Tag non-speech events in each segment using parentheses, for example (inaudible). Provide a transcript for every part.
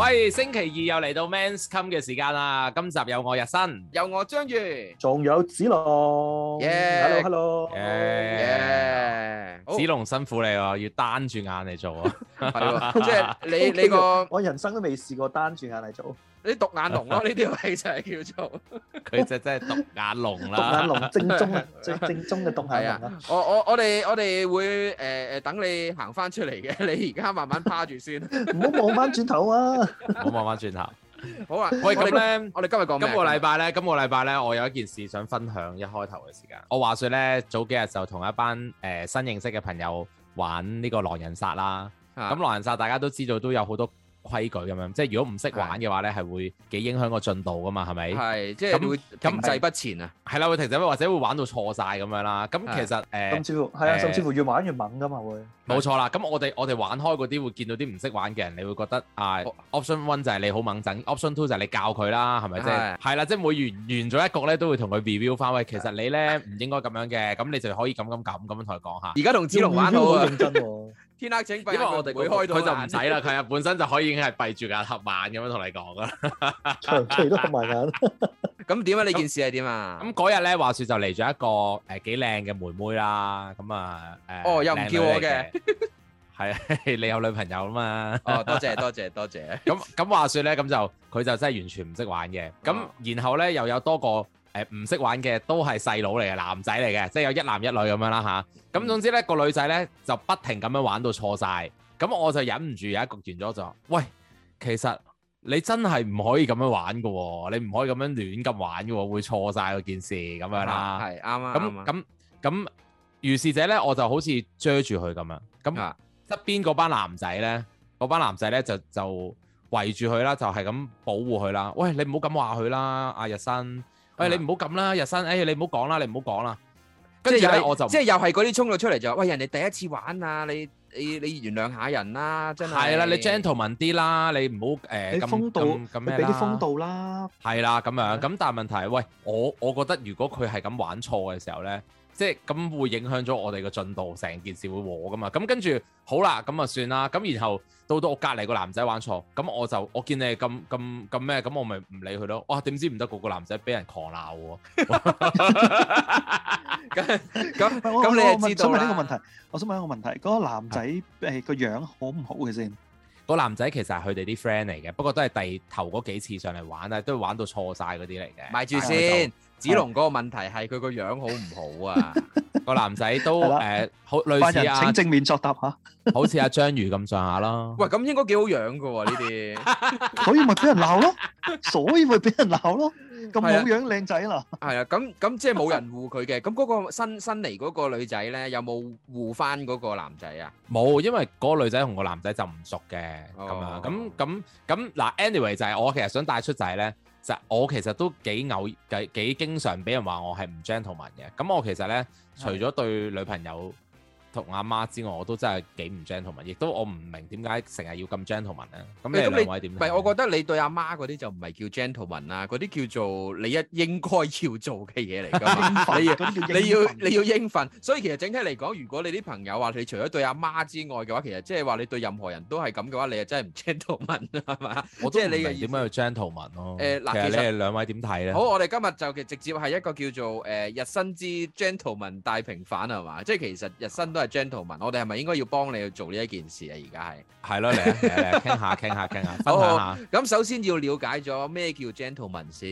喂，星期二又嚟到 Men's Come 嘅時間啦！今集有我日新，有我章魚，仲有紫龍。Hello，Hello、yeah. hello. yeah. yeah。紫龍辛苦你喎，要單住眼嚟做啊！即係你 okay, 你個，我人生都未試過單住眼嚟做。你獨眼龍咯，呢啲位就係叫做佢就真係獨眼龍啦。獨眼龍 (laughs) 正宗啊， (laughs) 最正宗嘅獨眼龍，啊。我我我哋我哋會誒誒、呃、等你行翻出嚟嘅，你而家慢慢趴住先，唔好望翻轉頭啊！唔好望翻轉頭。好啊，喂，咁咧，我哋呢今日講咩？今個禮拜咧，今個禮拜咧，我有一件事想分享。一開頭嘅時間，我話説咧，早幾日就同一班誒、呃、新認識嘅朋友玩呢個狼人殺啦。咁、啊、狼人殺大家都知道都有好多。規矩咁樣，即係如果唔識玩嘅話咧，係的會幾影響個進度噶嘛，係咪？係，即係會停滯不前啊！係啦，會停滯或者會玩到錯晒咁樣啦。咁的其實誒，甚至乎係啊，嗯、甚至乎越玩越猛噶嘛會。冇錯啦，咁我哋我哋玩開嗰啲會見到啲唔識玩嘅人，你會覺得啊，option one 就係你好猛震，option two 就係你教佢啦，係咪啫？係啦是，即係每完完咗一局咧，都會同佢 review 翻，喂，其實你咧唔應該咁樣嘅，咁你就可以咁咁咁咁樣同佢講下。而家同子龍玩到，認真喎，天黑請閉，因為我哋會開到，佢就唔使啦，佢啊本身就可以已經係閉住眼合眼咁樣同你講㗎啦， (laughs) 長期都合埋眼。 (laughs) 咁點啊？呢那件事係點啊？咁嗰日咧，話説就嚟咗一個誒幾靚嘅妹妹啦。咁啊誒哦，又唔叫美女 我嘅，係啊，你有女朋友啊嘛？哦，多謝多謝多謝。咁咁 (laughs) 話説咧，咁就佢就真係完全唔識玩嘅。咁、哦、然後咧又有多個誒唔識玩嘅，都係細佬嚟嘅，男仔嚟嘅，即係有一男一女咁樣啦吓，咁、嗯、 (laughs) 總之咧、嗰個女仔咧就不停咁樣玩到錯晒。咁我就忍唔住有一局完咗就話：喂，其實。你真係唔可以咁樣玩噶、哦，你唔可以咁樣亂咁玩噶、哦，會錯晒嗰件事咁樣啦。係啱啊！咁咁咁，如是者咧，我就好似遮住佢咁樣。咁側邊嗰班男仔咧，嗰班男仔咧就就圍住佢啦，就係咁保護佢啦。喂，你唔好咁話佢啦，阿、啊、日新。啊、喂，你唔好咁啦，日新。哎，你唔好講啦，你唔好講啦。跟住係我就，即係又係嗰啲衝咗出嚟就，喂人哋第一次玩啊，你。你你原諒下人啦，即係係啦，你 gentleman 啲啦，你唔好誒咁咁咁咩啦，你俾啲風度啦，係啦咁樣。咁的但係問題，喂，我我覺得如果佢係咁玩錯嘅時候咧，即係咁會影響咗我哋嘅進度，成件事會和噶嘛。咁跟住好啦，咁啊算啦。咁然後到到我隔籬個男仔玩錯，咁我就我見你係咁咁咁咩，咁我咪唔理佢咯。哇，點知唔得嗰個男仔俾人狂鬧喎！ (laughs) (laughs) 咁咁你又知道呢個問題？我想問一個問題，我想問一個問題，嗰個男仔誒個樣好唔好嘅先？個男仔其實係佢哋啲 friend 嚟嘅，不過都係第頭嗰幾次上嚟玩啊，都玩到錯晒嗰啲嚟嘅。咪住先，紫龍嗰個問題係佢個樣好唔好啊？個男仔都誒，好類似。請正面作答吓，好似阿章魚咁上下囉。喂，咁應該幾好樣噶？呢啲所以咪俾人鬧咯，所以咪俾人鬧咯。咁冇樣靚仔啦，係啊，咁咁即係冇人護佢嘅。咁嗰個新新嚟嗰個女仔呢，有冇護翻嗰個男仔啊？冇，因為嗰個女仔同個男仔就唔熟嘅咁啊。咁咁咁嗱，anyway 就係我其實想帶出仔呢，就我其實都幾偶幾幾經常俾人話我係唔 gentleman 嘅。咁我其實呢，除咗對女朋友，同阿媽，媽之外，我都真係幾唔 gentleman，亦都我唔明點解成日要咁 gentleman 咧、嗯。咁你哋兩位點睇？唔係我覺得你對阿媽嗰啲就唔係叫 gentleman 啦、啊，嗰啲叫做你一應該要做嘅嘢嚟㗎。你要你要應份， (laughs) 所以其實整體嚟講，如果你啲朋友話你除咗對阿媽，媽之外嘅話，其實即係話你對任何人都係咁嘅話，你就真係唔 gentle gentleman 係、啊、嘛？即係你點解要 gentleman 咯？誒、呃、嗱，其實，其實你哋兩位點睇咧？好，我哋今日就直接係一個叫做誒、呃、日新之 gentleman 大平反係嘛？即係其實日新都係。gentleman，我哋係咪應該要幫你去做呢一件事啊？而家係，係咯，嚟嚟嚟，傾下，傾下，傾下，好，分享下。咁首先要了解咗咩叫 gentleman 先，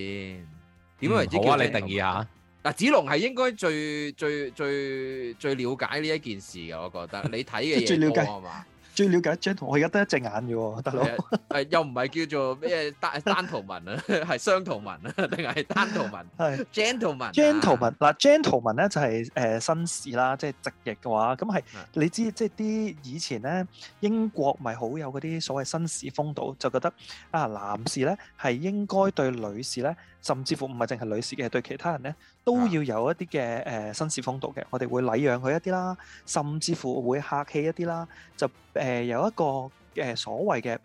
點樣為之？好啊，你定義下。嗱， (laughs) (laughs) 紫龍係應該最最最最了解呢一件事嘅，我覺得你睇嘅嘢最了解係嘛。 (laughs) 最瞭解 gentle，我而家得一隻眼嘅喎，大佬。誒又唔係叫做咩單單圖文啊，係雙圖文啊，定係單圖文？係 gentle 文。gentle 文嗱 gentle 文咧就係誒紳士啦，即係直譯嘅話，咁係你知即係啲以前咧英國咪好有嗰啲所謂紳士風度，就覺得啊男士咧係應該對女士咧。甚至乎唔係淨係女士嘅，對其他人咧都要有一啲嘅誒紳士風度嘅。我哋會禮讓佢一啲啦，甚至乎會客氣一啲啦，就誒有一個誒所謂嘅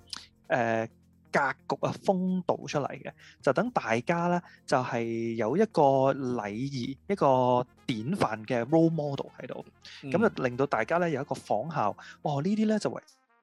誒格局啊風度出嚟嘅，就等大家咧就係有一個禮儀一個典範嘅 role model 喺度，咁就令到大家咧有一個仿效。哦！呢啲咧就為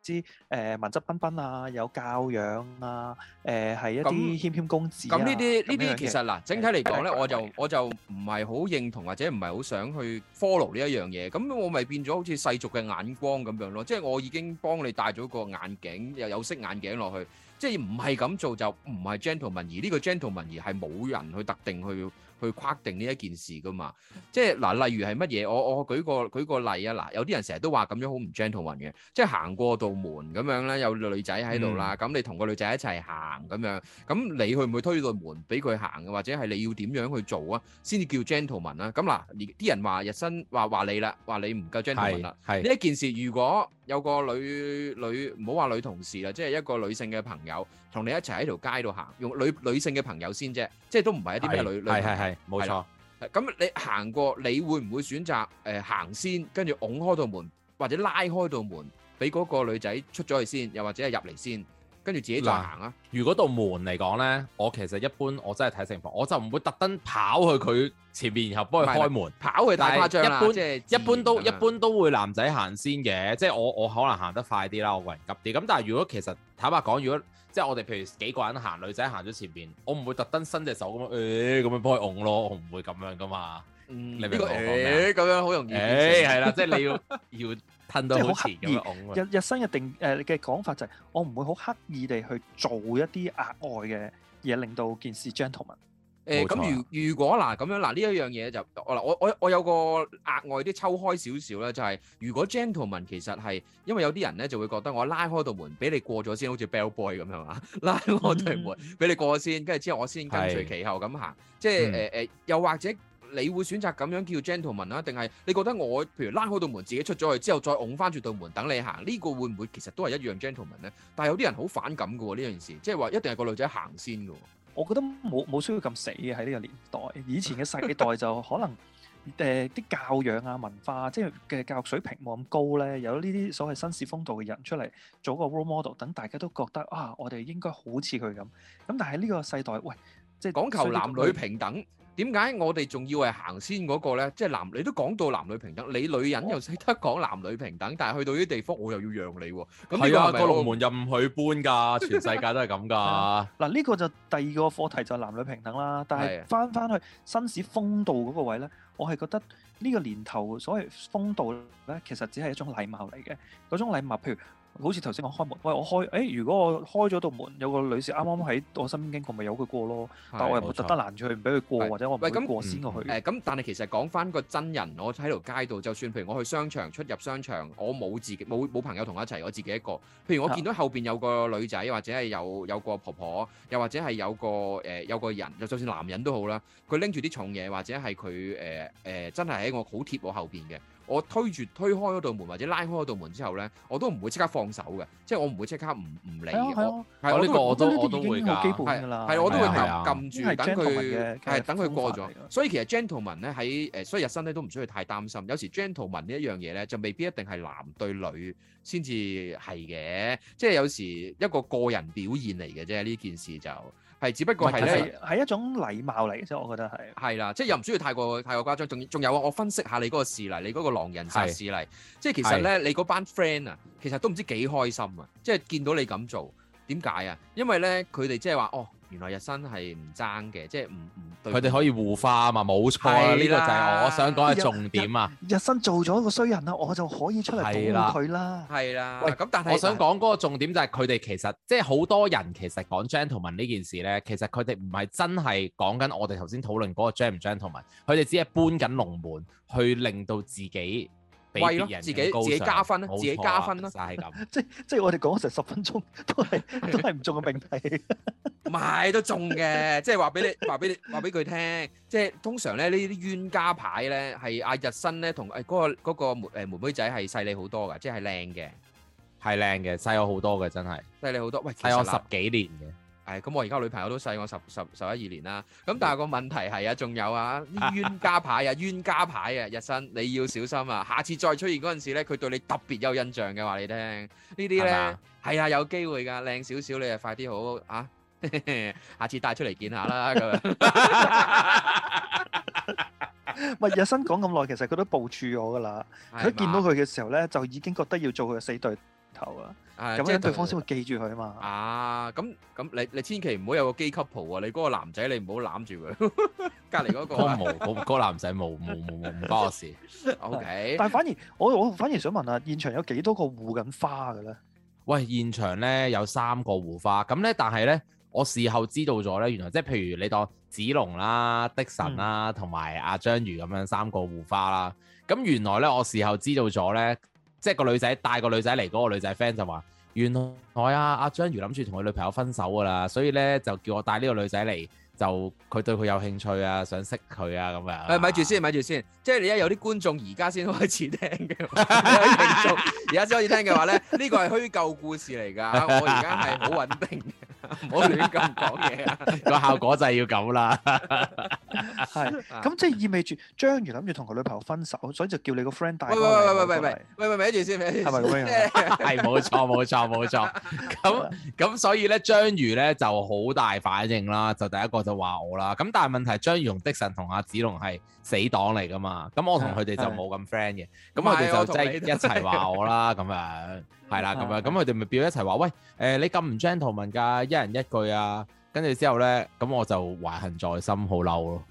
啲誒文質彬彬啊，有教養啊，誒係一啲謙謙公子。咁呢啲呢啲其實嗱，整體嚟講咧，我就我就唔係好認同或者唔係好想去 follow 呢一樣嘢。咁我咪變咗好似世俗嘅眼光咁樣咯，即係我已經幫你戴咗個眼鏡，又有色眼鏡落去，即係唔係咁做就唔係 gentleman。而呢個 gentleman 而係冇人去特定去，去框定呢一件事噶嘛，即係嗱，例如係乜嘢？我我舉個舉個例啊，嗱，有啲人成日都話咁樣好唔 gentleman 嘅，即係行過道門咁樣咧，有女仔喺度啦，咁、嗯、你同個女仔一齊行咁樣，咁你去唔去推個門俾佢行，或者係你要點樣去做啊，先至叫 gentleman 啊？咁嗱，啲人話日新話話你啦，話你唔夠 gentleman 啦，呢一件事如果有個女女唔好話女同事啦，即係一個女性嘅朋友同你一齊喺條街度行，用女女，女性嘅朋友先啫。即係都唔係一啲咩女女，係係係，冇錯。咁你行過，你會唔會選擇誒行先，跟住拱開道門或者拉開道門，俾嗰個女仔出咗去先，又或者係入嚟先，跟住自己再行啊？如果道門嚟講呢，我其實一般我真係睇情況，我就唔會特登跑去佢前面，然後幫佢開門。跑去太誇張啦。一般一般都這樣 一般都會男仔行先嘅，即係我我可能行得快啲啦，我個人急啲。咁但係如果其實坦白講，如果即係我哋譬如幾個人行，女仔行咗前邊，我唔會特登伸隻手咁樣，誒、欸、咁樣幫佢拱咯，我唔會咁樣噶嘛。嗯，呢個誒咁樣好容易。係啦、欸， (laughs) 即係你要 (laughs) 要褪到好前咁樣拱。日日新嘅定誒嘅講法就係、是，我唔會好刻意地去做一啲額外嘅嘢，令到件事 gentleman。Gentle 誒咁、欸、錯如如果嗱咁樣嗱呢一樣嘢就我嗱我我我有個額外啲抽開少少啦。就係、是、如果 gentleman 其實係因為有啲人咧就會覺得我拉開道門俾你過咗先，好似 bell boy 咁樣啊，拉開道門俾 (laughs) 你過先，跟住之後我先跟隨其後咁行，是即係誒誒，呃嗯、又或者你會選擇咁樣叫 gentleman 啊？定係你覺得我譬如拉開道門自己出咗去之後再拱翻住道門等你行呢、這個會唔會其實都係一樣 gentleman 咧？但係有啲人好反感㗎喎呢樣事，即係話一定係個女仔行先㗎。我覺得冇冇需要咁死嘅喺呢個年代。以前嘅世代就可能誒啲、呃、教養啊、文化、啊，即係嘅教育水平冇咁高咧，有呢啲所謂紳士風度嘅人出嚟做個 role model，等大家都覺得啊，我哋應該好似佢咁。咁但係呢個世代，喂，即係講求男女平等。點解我哋仲要係行先嗰個咧？即係男，你都講到男女平等，你女人又識得講男女平等，但係去到呢啲地方我又要讓你喎。係啊，個龍門任佢搬㗎，全世界都係咁㗎。嗱，呢個就第二個課題就係男女平等啦。但係翻翻去紳士風度嗰個位咧，我係覺得呢個年頭所謂風度咧，其實只係一種禮貌嚟嘅嗰種禮貌，譬如。好似頭先我開門，喂，我開，誒如果我開咗道門，有個女士啱啱喺我身邊經過，咪由佢過咯。哎、但我又冇特登攔住佢，唔俾佢過，喂或者我唔俾佢過先過去。誒咁、嗯呃，但係其實講翻個真人，我喺條街度，就算譬如我去商場出入商場，我冇自己冇冇朋友同我一齊，我自己一個。譬如我見到後邊有個女仔，或者係有有個婆婆，又或者係有個誒、呃、有個人，就算男人都好啦，佢拎住啲重嘢，或者係佢誒誒真係喺我好貼我後邊嘅。我推住推開嗰道門或者拉開嗰道門之後咧，我都唔會即刻放手嘅，即係我唔會即刻唔唔理。係啊係啊，我呢個都我都會㗎。係啊係啊，係我都會撳住等佢係等佢過咗。所以其實 gentleman 咧喺誒所以日新咧都唔需要太擔心。有時 gentleman 呢一樣嘢咧就未必一定係男對女。先至係嘅，即係有時一個個人表現嚟嘅啫。呢件事就係，只不過係咧，係一種禮貌嚟嘅啫。我覺得係。係啦，即係又唔需要太過 (laughs) 太過誇張。仲仲有啊，我分析下你嗰個事例，你嗰個狼人殺事例，的即係其實咧，的你嗰班 friend 啊，其實都唔知幾開心啊！即係見到你咁做，點解啊？因為咧，佢哋即係話哦。原來日新係唔爭嘅，即係唔唔，佢哋可以互化啊嘛，冇錯啦，呢個就係我想講嘅重點啊！日新做咗一個衰人啦，我就可以出嚟對佢啦，係啦。啦，喂，咁但係我想講嗰個重點就係佢哋其實，即係好多人其實講 gentleman 呢件事咧，其實佢哋唔係真係講緊我哋頭先討論嗰個 gentleman gentleman 佢哋只係搬緊龍門去令到自己。貴咯，自己自己加分啦，啊、自己加分啦，即係即係我哋講成十分鐘都係都係唔中嘅命題，唔係都中嘅，即係話俾你話俾 (laughs) 你話俾佢聽，即係、 (laughs) 就是、通常咧呢啲冤家牌咧係阿日新咧同誒嗰個、嗰個嗰個妹妹妹仔係細你好多噶，即係靚嘅，係靚嘅，細我好多嘅真係，細你好多，細我十幾年嘅。係咁，嗯、我而家女朋友都細我十十十一二年啦。咁但係個問題係啊，仲有啊，冤家牌啊，冤家牌啊，日新你要小心啊。下次再出現嗰陣時咧，佢對你特別有印象嘅，話你聽呢啲咧係啊，有機會噶，靚少少你啊，快啲好啊，下次帶出嚟見下啦咁樣。係日新講咁耐，其實佢都部署我噶啦。佢係嗎？見到佢嘅時候咧，就已經覺得要做佢嘅死對。頭啊！咁即係對方先會記住佢啊嘛。啊，咁咁，你你千祈唔好有個基 c o 啊！你嗰個男仔你唔好攬住佢。隔籬嗰個冇、啊， (laughs) (laughs) 個男仔冇冇冇冇唔關我事。O、okay、K。但係反而我我反而想問啊，現場有幾多個護緊花嘅咧？喂，現場咧有三個護花咁咧，但係咧我事後知道咗咧，原來即係譬如你當子龍啦、迪神啦，同埋阿張如咁樣三個護花啦。咁原來咧我事後知道咗咧。即係個女仔帶個女仔嚟，嗰個女仔 friend 就話：原來啊，阿章魚諗住同佢女朋友分手㗎啦，所以咧就叫我帶呢個女仔嚟，就佢對佢有興趣啊，想識佢啊咁樣。誒，咪住先，咪住先。即係你而家有啲觀眾而家先開始聽嘅，而家先開始聽嘅話咧，呢個係虛構故事嚟㗎。我而家係好穩定。 (laughs) 唔好亂咁講嘢，個效果就係要咁啦。係，咁即係意味住章魚諗住同佢女朋友分手，所以就叫你個 friend 帶。喂喂喂喂喂喂喂喂，咪住先，咪住先，係咪咁樣？係冇錯冇錯冇錯。咁咁所以咧，章魚咧就好大反應啦。就第一個就話我啦。咁但係問題係，章魚同日新同阿紫龍係死黨嚟噶嘛？咁我同佢哋就冇咁 friend 嘅。咁佢哋就即係一齊話我啦，咁樣。係啦，咁、 (music) 啊、樣咁佢哋咪表一齊話喂，誒、呃、你咁唔 gentleman 噶，一人一句啊，跟住之後咧，咁、嗯、我就懷恨在心，好嬲咯。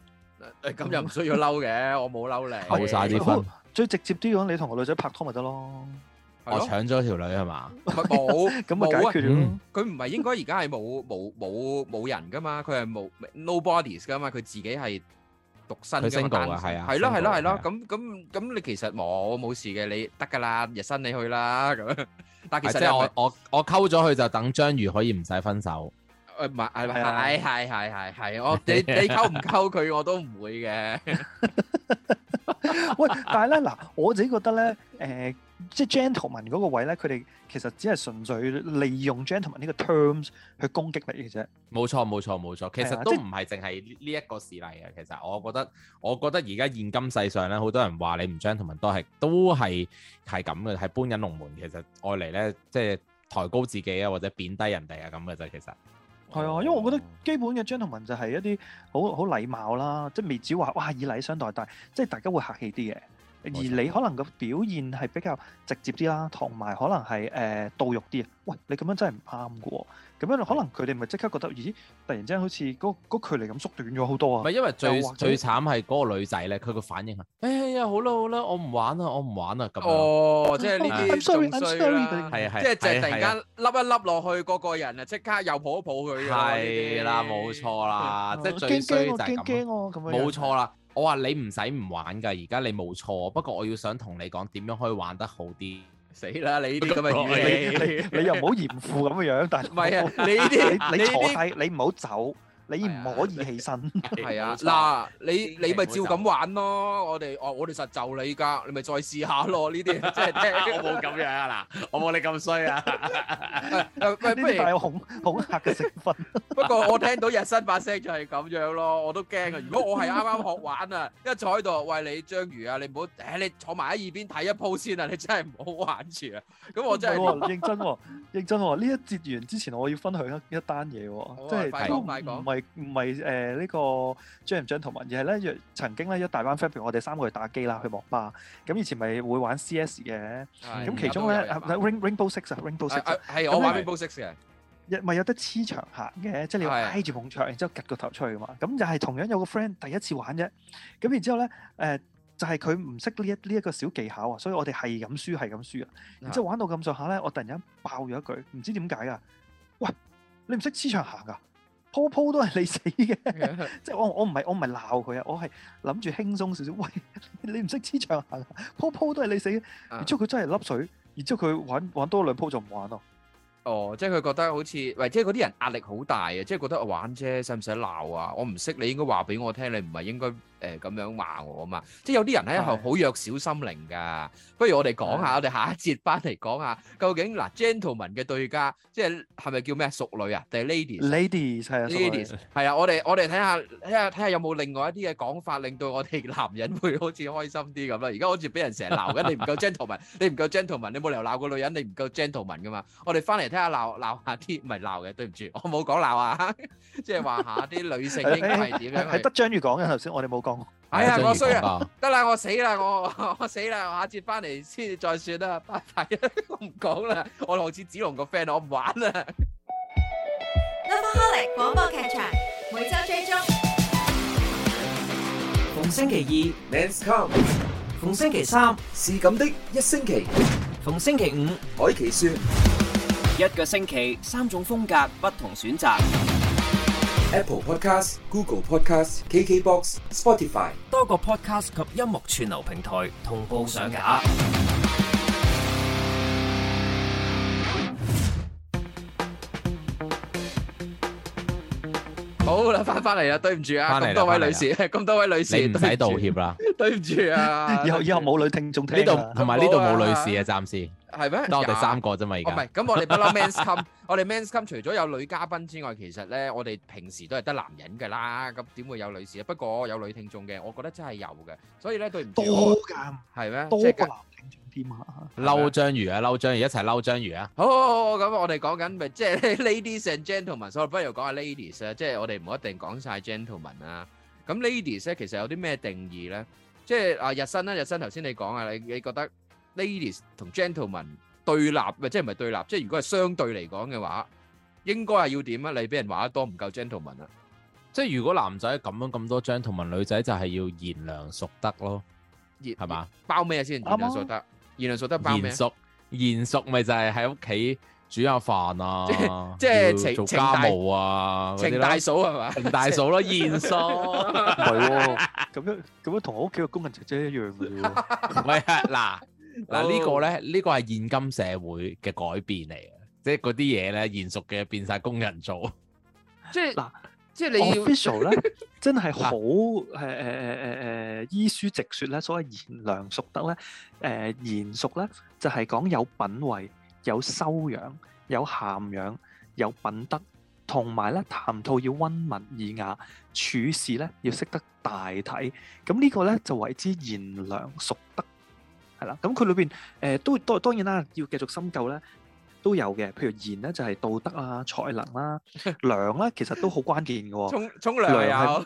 你咁、嗯欸、又唔需要嬲嘅，我冇嬲你扣晒啲分。最直接啲講，你同個女仔拍拖咪得咯。 (music) (music) 我搶咗條女係、 (music) 嗯嗯、嘛？我咁咪解佢唔係應該而家係冇冇冇冇人噶嘛？佢係冇 nobody 噶嘛？佢自己係。獨身嘅單身，係咯係咯係咯，咁咁咁你其實我冇事嘅，你得㗎啦，日新你去啦咁。但係其實即係我我我溝咗佢就等章魚可以唔使分手。誒唔係係係係係係，我你你溝唔溝佢我都唔會嘅。 (laughs) 喂，但係咧嗱，我自己覺得咧，誒、呃，即 gentleman 嗰個位咧，佢哋其實只係純粹利用 gentleman 呢個 terms 去攻擊你嘅啫。冇錯，冇錯，冇錯，其實的都唔係淨係呢一個事例啊。其實我覺得，我覺得而家現今世上咧，好多人話你唔 gentleman 都係都係係咁嘅，係搬緊龍門，其實愛嚟咧，即、就、係、是、抬高自己啊，或者貶低人哋啊，咁嘅啫，其實。係啊，因為我覺得基本嘅 gentlemen 就係一啲好好禮貌啦，即係未至話哇以禮相待，但係即係大家會客氣啲嘅。沒錯 而你可能個表現係比較直接啲啦，同埋可能係誒導欲啲。喂，你咁樣真係唔啱嘅。咁樣可能佢哋咪即刻覺得，咦！突然之間好似嗰嗰距離咁縮短咗好多啊！唔係因為最最慘係嗰個女仔咧，佢個反應啊！哎呀，好啦好啦，我唔玩啊，我唔玩啊咁。哦，即係呢啲仲衰啦，係係，即係即係突然間凹一凹落去，個個人啊即刻又抱一抱佢。係啦，冇錯啦，即係最衰就係咁。驚驚我，驚驚我咁樣。冇錯啦，我話你唔使唔玩㗎，而家你冇錯，不過我要想同你講點樣可以玩得好啲。死啦！你呢啲咁嘅語氣，你又唔好嚴父咁嘅樣，但係唔係啊？你呢啲 (laughs) 你，你坐低，你唔好走。你唔可以起身，係啊！嗱，你你咪照咁玩咯。我哋我我哋實就你㗎，你咪再試下咯。呢啲即係聽我冇咁樣啊！嗱，我冇你咁衰啊！誒誒，不如有恐恐嚇嘅成分。不過我聽到日新把聲就係咁樣咯，我都驚啊！如果我係啱啱學玩啊，一坐喺度，喂，你章魚啊，你唔好誒，你坐埋喺耳邊睇一鋪先啊！你真係唔好玩住啊！咁我真係認真喎，認真喎！呢一節完之前，我要分享一一單嘢喎，即係都唔係。唔係誒呢個將唔將同文，而係咧，若曾經咧一大班 friend，譬如我哋三個去打機啦，去網吧。咁以前咪會玩 CS 嘅，咁其中咧啊，唔係 Rainbow Six 啊，Rainbow Six 啊，係我玩 Rainbow Six 嘅，咪有得黐牆行嘅，即係你要挨住埲牆，然之後趷個頭出去嘛。咁又係同樣有個 friend 第一次玩啫，咁然之後咧誒，就係佢唔識呢一呢一個小技巧啊，所以我哋係咁輸，係咁輸啊。然之後玩到咁上下咧，我突然間爆咗一句，唔知點解啊？喂，你唔識黐牆行噶？鋪鋪都係你死嘅， (laughs) 即係我我唔係我唔係鬧佢啊，我係諗住輕鬆少少。喂，你唔識黐牆行，鋪鋪都係你死。然、啊、之後佢真係甩水，然之後佢玩玩多兩鋪就唔玩咯。哦，即係佢覺得好似，喂，即係嗰啲人壓力好大啊，即係覺得玩啫，使唔使鬧啊？我唔識，你應該話俾我聽，你唔係應該。誒，咁樣話我嘛，即係有啲人咧係好弱小心靈㗎。不如我哋講下，我哋下一節翻嚟講下究竟，嗱 gentleman 嘅對家，即係係咪叫咩淑女啊，定係 lady？lady 係啊，lady 係啊。我哋我哋睇下睇下睇下有冇另外一啲嘅講法，令到我哋男人會好似開心啲咁啦。而家好似俾人成日鬧緊你唔夠 gentleman，你唔夠 gentleman，你冇理由鬧個女人，你唔夠 gentleman 㗎嘛。我哋翻嚟睇下鬧鬧下啲，唔係鬧嘅，對唔住，我冇講鬧啊，即係話下啲女性應該係點樣？係得張宇講嘅頭先，我哋冇。哎呀！我衰啊！得啦，我死啦，我我死啦！我下次翻嚟先再算啦，拜拜，我唔講啦。我好似子龍個 friend，我唔玩啦。Lovaholic 廣播劇場每周追蹤，逢星期二 Men's Come，逢星期三是咁的，一星期，逢星期五海琪說，一個星期三種風格，不同選擇。Apple Podcast、Google Podcast、KKBox、Spotify 多個 podcast 及音樂串流平台同步上架。好啦，翻返嚟啦，對唔住啊，咁多位女士，咁 (laughs) 多位女士，唔使道歉啦， (laughs) (laughs) 對唔住啊以，以後以後冇女聽眾，呢度同埋呢度冇女士啊，暫時。係咩？得我哋三個啫嘛，而家唔係咁我哋不嬲 men's come，我哋 men's come 除咗有女嘉賓之外，其實咧我哋平時都係得男人噶啦，咁點會有女士啊？不過有女聽眾嘅，我覺得真係有嘅，所以咧對唔多㗎，係咩？多過男聽眾添啊！嬲章魚啊，嬲章魚，一齊嬲章魚啊！好好好，咁我哋講緊咪即係 ladies and gentlemen，所以不如講下 ladies 啊，即係我哋唔一定講曬 gentlemen 啦。咁 ladies 咧其實有啲咩定義咧？即係啊，日新啦，日新頭先你講啊，你你覺得？ladies 同 gentlemen 對立，唔係即係唔係對立，即係如果係相對嚟講嘅話，應該係要點啊？你俾人話得多唔夠 gentlemen 啦，即係如果男仔咁樣咁多張，同埋女仔就係要賢良淑德咯，係嘛？包咩先？賢良淑德，賢良淑德包咩？賢淑賢淑咪就係喺屋企煮下飯啊，即係做家務啊，情大嫂係嘛？情大嫂咯，賢淑，唔係喎，咁樣咁樣同我屋企個工人姐姐一樣嘅喎，唔係啊嗱。嗱呢個咧，呢個係現今社會嘅改變嚟嘅，即係嗰啲嘢咧，賢淑嘅變晒工人做。即係嗱，即係你要 official 咧，真係好誒誒誒誒誒，依書直說咧，所謂賢良淑德咧，誒賢淑咧就係講有品位、有修養、有涵養、有品德，同埋咧談吐要溫文爾雅，處事咧要識得大體，咁呢個咧就謂之賢良淑德。係啦，咁佢裏邊誒都都當然啦，要繼續深究咧，都有嘅。譬如言咧就係道德啊、才能啦、良啦，其實都好關鍵嘅。沖沖涼啊？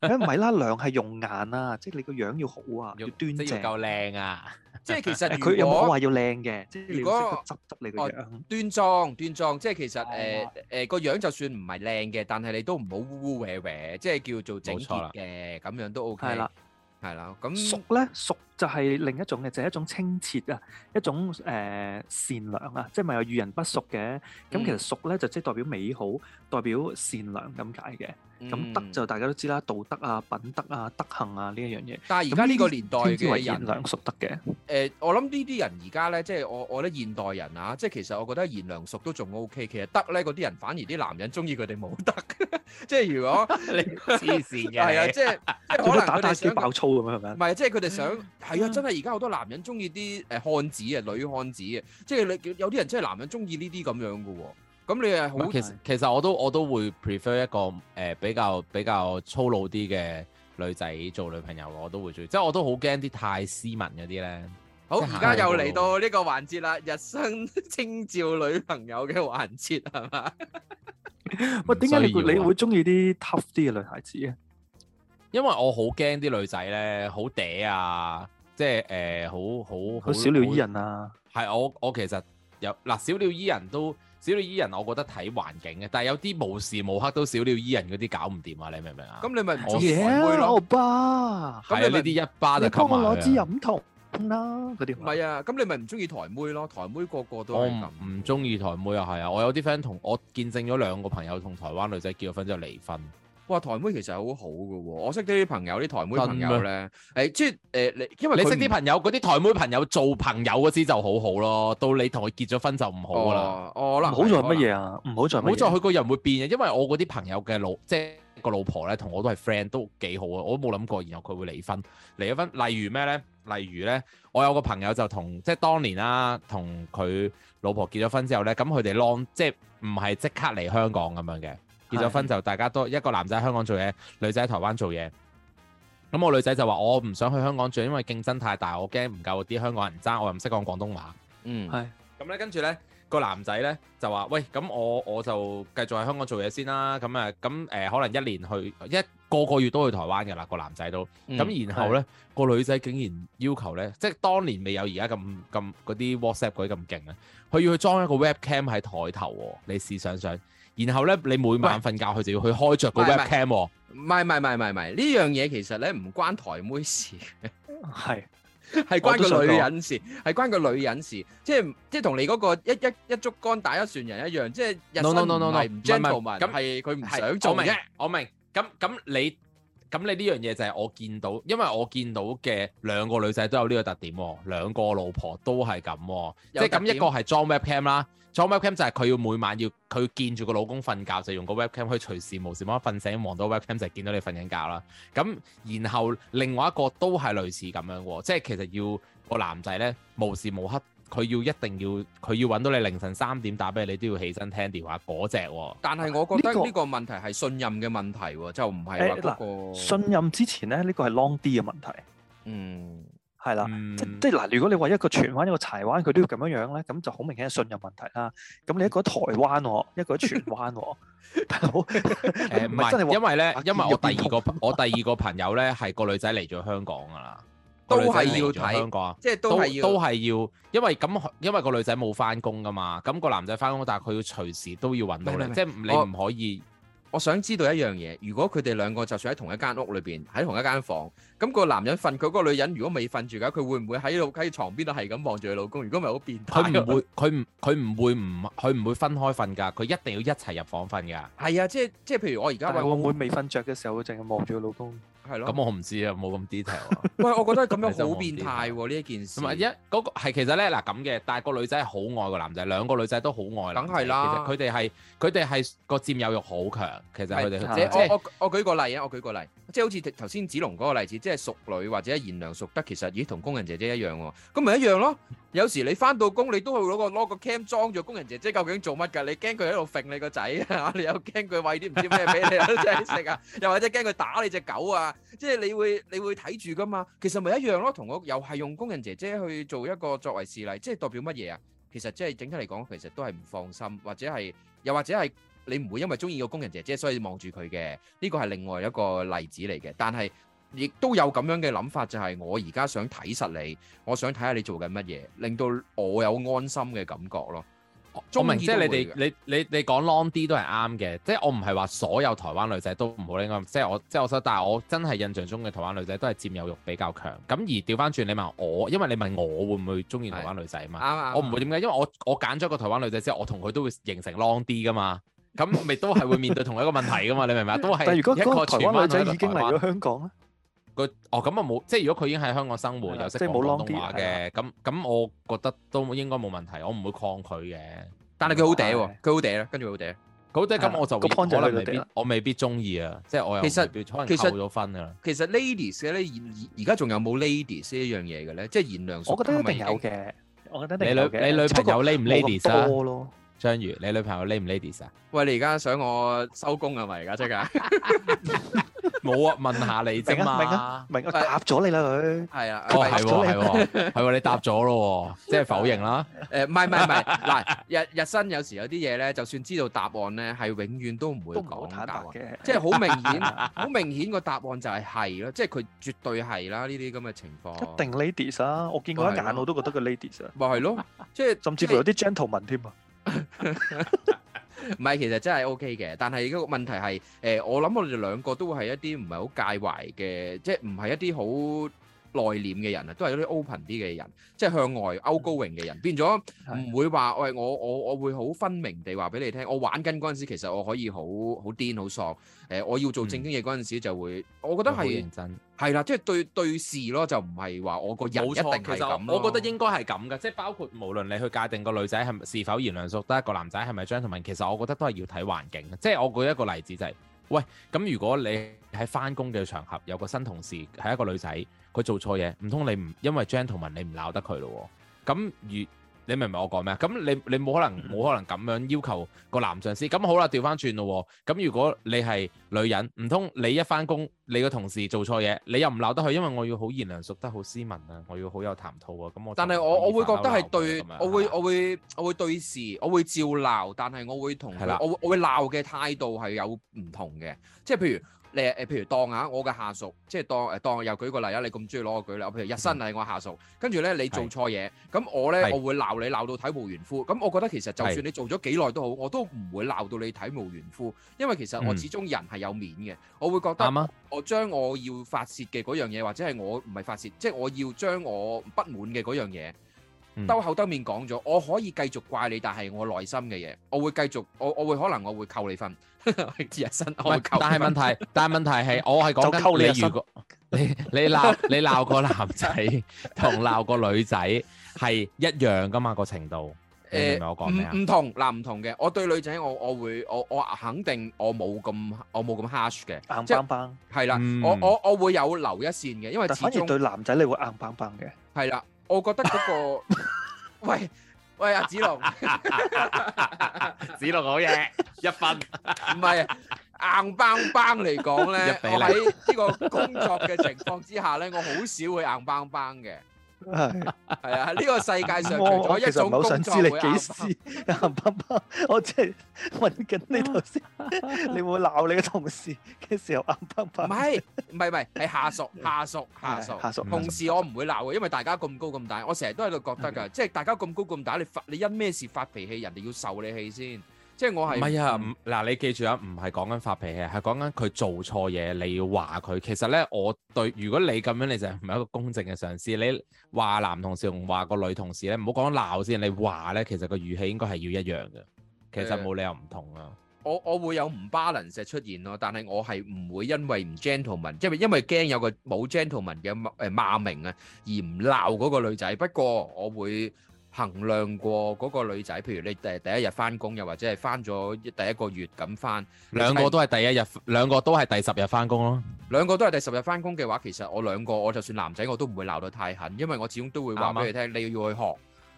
誒唔係啦，良係容顏啊，即係你個樣要好啊，要端正，要夠靚啊！即係其實佢有冇話要靚嘅？如果執執你個樣，端莊端莊。即係其實誒誒個樣就算唔係靚嘅，但係你都唔好烏烏歪歪，即係叫做整潔嘅，咁樣都 OK。係啦，係啦，咁熟咧熟。就係另一種嘅，就係、是、一種清澈啊，一種誒、呃、善良啊，即係咪有遇人不淑嘅？咁其實淑咧就即、是、係代表美好，代表善良咁解嘅。咁、嗯、德就大家都知啦，道德啊、品德啊、德行啊呢一樣嘢。但係而家呢個年代嘅賢良淑德嘅。誒、呃，我諗呢啲人而家咧，即係我我覺得現代人啊，即係其實我覺得賢良淑都仲 OK。其實德咧嗰啲人反而啲男人中意佢哋冇德，即係如果你黐線嘅。係啊，即係可能佢打大爆粗咁樣係咪啊？唔係，即係佢哋想。 (laughs) 係啊，真係而家好多男人中意啲誒漢子啊，女漢子啊，即係你有啲人真係男人中意呢啲咁樣嘅喎、哦。咁你係好其實，其實我都我都會 prefer 一個誒、呃、比較比較粗魯啲嘅女仔做女朋友，我都會中意。即係我都好驚啲太斯文嗰啲咧。好，而家又嚟到呢個環節啦，日新青照女朋友嘅環節係嘛？喂，點 (laughs) 解、啊、你會你會中意啲 tough 啲嘅女孩子啊？因為我好驚啲女仔咧，好嗲啊，即係誒，好好好小鳥依人啊！係，我我其實有嗱小鳥依人都小鳥依人，我覺得睇環境嘅，但係有啲無時無刻都小鳥依人嗰啲搞唔掂啊！你明唔明啊？咁你咪唔中意台妹咯，係啊，呢啲一巴就吸，你幫我攞支飲桶啦，嗰啲。唔係啊，咁你咪唔中意台妹咯？台妹個個都係咁。唔中意台妹啊，係啊！我有啲 friend 同我見證咗兩個朋友同台灣女仔結咗婚之後離婚。哇，台妹其實好好㗎喎，我識啲朋友啲台妹朋友咧，誒即係誒你，因為你識啲朋友嗰啲不台妹朋友做朋友嗰時就好好咯，到你同佢結咗婚就唔好啦、哦。哦，嗱、哦，哦、好在乜嘢啊？唔、哦、好在、哦、好在佢個、哦、人會變嘅，因為我嗰啲朋友嘅老即係個老婆咧，同我都係 friend 都幾好啊，我都冇諗過，然後佢會離婚，離咗婚。例如咩咧？例如咧，我有個朋友就同即係當年啦，同佢老婆結咗婚之後咧，咁佢哋 long，即係唔係即刻嚟香港咁樣嘅。結咗婚就大家都一個男仔喺香港做嘢，女仔喺台灣做嘢。咁我女仔就話：我唔想去香港做，因為競爭太大，我驚唔夠啲香港人爭。我又唔識講廣東話。嗯，係、嗯。咁咧，跟住咧個男仔咧就話：喂，咁我我就繼續喺香港做嘢先啦。咁啊，咁誒、呃、可能一年去一個個月都去台灣嘅啦。個男仔都。咁、嗯、然後咧是個女仔竟然要求咧，即係當年未有而家咁咁嗰啲 WhatsApp 鬼咁勁啊！佢要去裝一個 Webcam 喺枱頭喎，你試想想。然後咧，你每晚瞓覺佢就要去開著個 webcam。唔係唔係唔係唔係，呢樣嘢其實咧唔關台妹事，係係關個女人事，係關個女人事。即係即係同你嗰個一一一竹竿打一船人一樣，即係日新係唔 gentleman，咁係佢唔想做啫。我明，我明。咁咁你咁你呢樣嘢就係我見到，因為我見到嘅兩個女仔都有呢個特點，兩個老婆都係咁，即係咁一個係裝 webcam 啦。裝 webcam 就係佢要每晚要佢見住個老公瞓覺，就用個 webcam，可以隨時無時無刻瞓醒望到 webcam 就係見到你瞓緊覺啦。咁然後另外一個都係類似咁樣喎，即係其實要個男仔咧無時無刻佢要一定要佢要搵到你凌晨三點打俾你都要起身聽電話嗰隻喎。那個、但係我覺得呢個問題係信任嘅問題喎，就唔係、那個哎、信任之前咧呢、呢個係 long 啲嘅問題。嗯。係啦，即即，嗱，如果你話一個荃灣一個柴灣，佢都要咁樣樣咧，咁就好明顯係信任問題啦。咁你一個台灣， (laughs) 一個荃灣，誒唔係真係，因為咧，因為我第二個 (music) 我第二個朋友咧係個女仔嚟咗香港噶啦，都係要睇，即都係都係要，因為咁，因為個女仔冇翻工噶嘛，咁、個男仔翻工，但係佢要隨時都要揾到你，即你唔可以。我想知道一樣嘢，如果佢哋兩個就算喺同一間屋裏邊，喺同一間房，咁個男人瞓，佢個女人如果未瞓住嘅，佢會唔會喺度喺牀邊度係咁望住佢老公？如果唔係好變態。佢唔會，佢唔佢唔會唔，佢唔會分開瞓㗎，佢一定要一齊入房瞓㗎。係啊，即係即係，譬如我而家會未瞓着嘅時候，會淨係望住佢老公。係咯，咁是我唔知 (laughs) 啊，冇咁 detail。啊。喂，我覺得咁樣好變態喎，啊，呢， (laughs) 啊，一件事，嗯。同埋一嗰個係其實咧，嗱咁嘅，但係個女仔係好愛個男仔，兩個女仔都好愛，梗係啦，其實佢哋係佢哋係個佔有欲好強，其實佢哋即係即係。我我我舉個例啊，我舉個例。即係好似頭先子龍嗰個例子，即係淑女或者賢良淑德，其實咦同工人姐姐一樣喎、哦，咁咪一樣咯。有時你翻到工，你都去攞個攞個 cam 裝咗工人姐姐，究竟做乜㗎？你驚佢喺度揈你個仔啊？你又驚佢餵啲唔知咩俾你即係食啊？ (laughs) 又或者驚佢打你隻狗啊？即係你會你會睇住㗎嘛？其實咪一樣咯，同我又係用工人姐姐去做一個作為示例，即係代表乜嘢啊？其實即係整體嚟講，其實都係唔放心，或者係又或者係。你唔會因為中意個工人姐姐，所以望住佢嘅，呢個係另外一個例子嚟嘅。但係亦都有咁樣嘅諗法，就係、是、我而家想睇實你，我想睇下你做緊乜嘢，令到我有安心嘅感覺咯。我明，即係你哋，你你你講 long D 都係啱嘅。即係我唔係話所有台灣女仔都唔好呢啱，即係我即係我但係我真係印象中嘅台灣女仔都係佔有欲比較強。咁而調翻轉你問我，因為你問我會唔會中意台灣女仔嘛？啱是我唔會。點解？因為我我揀咗個台灣女仔之後，我同佢都會形成 long D 噶嘛。咁咪都係會面對同一個問題噶嘛？你明唔明啊？都係一個台灣仔已經嚟咗香港啊！哦咁啊冇，即係如果佢已經喺香港生活又識講廣東話嘅，咁咁我覺得都應該冇問題，我唔會抗拒嘅。但係佢好嗲喎，佢好嗲啦，跟住好嗲，佢好嗲咁我就會可能未必，我未必中意啊！即係我其實其實啊。其實 ladies 咧而而家仲有冇 ladies 呢樣嘢嘅咧？即係賢良淑德，我覺得一定有嘅，我覺得你女你女朋友 lady 唔 lady 咋？章魚，你女朋友呢唔 Lady 啊？喂，你而家想我收工啊？嘛，而家即係冇啊？問下你啫嘛，明啊？明啊？答咗你啦，佢係啊？答咗你係喎？你答咗咯，即係否認啦？誒，唔係唔係唔係嗱，日日新有時有啲嘢咧，就算知道答案咧，係永遠都唔會講答案嘅，即係好明顯，好明顯個答案就係係咯，即係佢絕對係啦呢啲咁嘅情況。一定 Lady 啊！我見過一眼，我都覺得佢 Lady 啊。咪係咯，即係甚至乎有啲 gentleman 添啊！唔係， (laughs) 其實真係 O K 嘅，但係而家個問題係，誒、呃，我諗我哋兩個都會係一啲唔係好介懷嘅，即係唔係一啲好內斂嘅人啊，都係嗰啲 open 啲嘅人，即係向外、outgoing 嘅人，變咗唔會話。喂，我我我會好分明地話俾你聽，我玩緊嗰陣時，其實我可以好好癲、好喪。誒、呃，我要做正經嘢嗰陣時，就會、嗯、我覺得係係啦，即係對對事咯，就唔係話我個人錯一定係咁咯。我覺得應該係咁嘅，即係包括無論你去界定個女仔係是否賢良淑德，一個男仔係咪 gentleman，其實我覺得都係要睇環境。即係我舉一個例子就係、是，喂咁如果你喺翻工嘅場合有個新同事係一個女仔。佢做錯嘢，唔通你唔因為 gentleman 你唔鬧得佢咯？咁如你明唔明我講咩？咁你你冇可能冇，mm hmm，可能咁樣要求個男上司？咁好啦，調翻轉咯。咁如果你係女人唔通你一返工，你嘅同事做錯嘢，你又唔鬧得佢，因為我要好賢良淑德、好斯文啊，我要好有談吐啊，咁我吵吵吵，但係我我會覺得係對，我會是對 我會我會對事，我會照鬧，但係我會同的我會我會鬧嘅態度係有唔同嘅，即係譬如你誒，譬如當下我嘅下屬，即係當誒當又舉個例啊，你咁中意攞個舉例，譬如日新係我下屬、嗯、跟住咧你做錯嘢，咁的我咧的我會鬧你鬧到體無完膚，咁我覺得其實就算你做咗幾耐都好，我都唔會鬧到你體無完膚，因為其實我始終人係。嗯有面嘅，我會覺得嗎我將我，我要發洩嘅嗰樣嘢，或者係我唔係發洩，即係我要將我不滿嘅嗰樣嘢，嗯、兜口兜面講咗，我可以繼續怪你，但係我內心嘅嘢，我會繼續，我我會可能我會扣你分，日新我會扣。但係問題，但係問題係，我係講緊你，如果你你鬧你鬧個男仔同鬧個女仔係一樣㗎嘛，那個程度。誒，唔唔同嗱，唔同嘅。我對女仔，我我會，我我肯定我，我冇咁、嗯，我冇咁 harsh 嘅。硬邦邦係啦，我我我會有留一線嘅，因為始終對男仔你會硬邦邦嘅。係啦，我覺得嗰、嗰個 (laughs) 喂喂阿子龍，子龍好嘢，一分唔係 (laughs) 硬邦邦嚟講咧。呢我喺呢個工作嘅情況之下咧，我好少會硬邦邦嘅。係啊！呢、 (laughs) 這個世界上除咗我一種工作啊，幾時，我即係問緊你頭先， (laughs) 你會鬧你嘅同事嘅時候，唔係唔係唔係係下屬下屬下屬下屬屬同事，我唔會鬧嘅，因為大家咁高咁大，我成日都喺度覺得噶，即係的大家咁高咁大，你發你因咩事發脾氣，人哋要受你氣先。即係我係唔係啊？嗱、嗯啊，你記住啊，唔係講緊發脾氣，係講緊佢做錯嘢，你要話佢。其實咧，我對如果你咁樣，你就係唔係一個公正嘅上司。你話男同事同話個女同事咧，唔好講鬧先，你話咧，其實個語氣應該係要一樣嘅。其實冇理由唔同啊。我我會有唔 balance 出現咯，但係我係唔會因為唔 gentleman，因為因為驚有個冇 gentleman 嘅誒罵名啊，而唔鬧嗰個女仔。不過我會。衡量過嗰個女仔，譬如你誒，第一日返工，又或者係返咗第一個月咁返，兩個都係第一日，兩個都係第十日返工囉。兩個都係第十日返工嘅話，其實我兩個，我就算男仔，我都唔會鬧得太狠，因為我始終都會話俾你聽，吧你要去學。